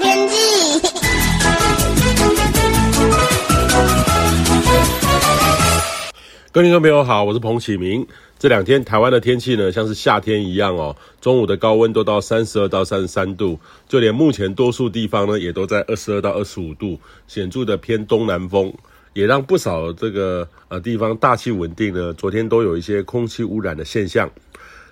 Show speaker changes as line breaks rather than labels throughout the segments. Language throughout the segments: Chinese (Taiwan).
天氣， 各位觀眾朋友好，我是彭啟明。這兩天台灣的天氣呢，像是夏天一樣哦，中午的高溫都到三十二到三十三度，就連目前多數地方呢，也都在二十二到二十五度，顯著的偏東南風，也讓不少這個呃地方大氣穩定呢。昨天都有一些空氣污染的現象。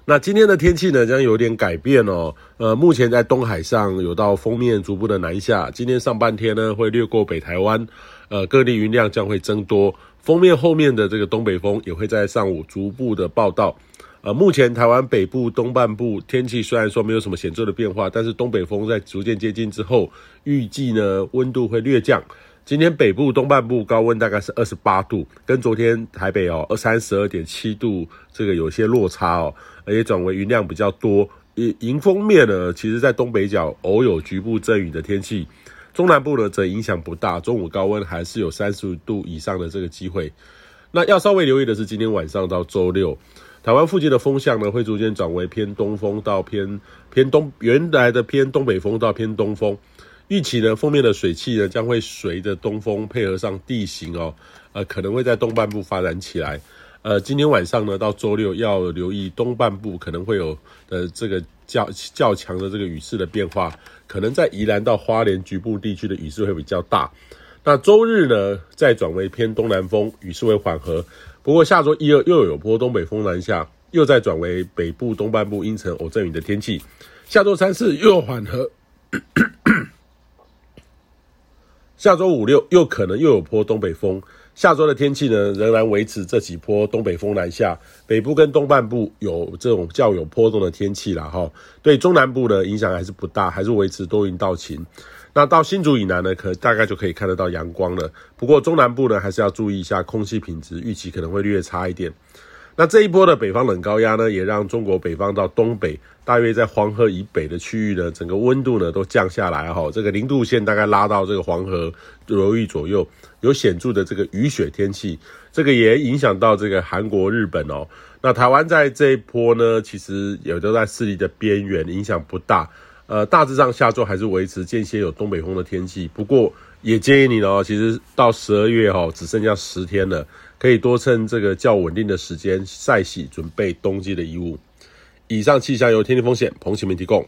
那今天的天氣呢，將有點改變哦。呃，目前在東海上有道鋒面逐步的南下，今天上半天呢會掠過北台灣，呃，各地雲量將會增多。鋒面後面的這個東北風也會在上午逐步的報到。呃，目前台灣北部、東半部天氣雖然說沒有什麼顯著的變化，但是東北風在逐漸接近之後，預計呢溫度會略降。今天北部東半部高溫大概是二十八度，跟昨天台北哦二三十二點七度，這個有些落差哦，而且轉為雲量比較多。迎迎風面呢，其實在東北角偶有局部陣雨的天氣，中南部呢則影響不大。中午高溫還是有三十度以上的這個機會。那要稍微留意的是，今天晚上到周六，台灣附近的風向呢會逐漸轉為偏東風到偏偏東，原來的偏東北風到偏東風。預期呢，鋒面的水汽呢，將會隨着東風配合上地形哦，呃，可能會在東半部發展起來。呃，今天晚上呢，到周六要留意東半部可能會有呃這個較較強的這個雨勢的變化，可能在宜蘭到花蓮局部地區的雨勢會比較大。那周日呢，再轉為偏東南風，雨勢會緩和。不過下周一二又有波東北風南下，又再轉為北部東半部陰沉偶陣雨的天氣。下周三四又緩和。 下周五六又可能又有波東北風。下周的天氣呢，仍然維持這幾波東北風南下，北部跟東半部有這種較有波動的天氣啦，吼。對中南部的影響還是不大，還是維持多雲到晴。那到新竹以南呢，可大概就可以看得到陽光了。不過中南部呢，還是要注意一下空氣品質，預期可能會略差一點。那這一波的北方冷高壓呢，也讓中國北方到東北，大約在黃河以北的區域呢，整個溫度呢都降下來哈、哦。這個零度線大概拉到這個黃河流域左右，有顯著的這個雨雪天氣。這個也影響到這個韓國、日本哦。那台灣在這一波呢，其實也都在勢力的邊緣，影響不大。呃，大致上下周還是維持間歇有東北風的天氣，不過也建議你哦，其實到十二月哈、哦，只剩下十天了。可以多趁這個較穩定的時間曬洗，準備冬季的衣物。以上氣象由天氣風險彭啟明提供。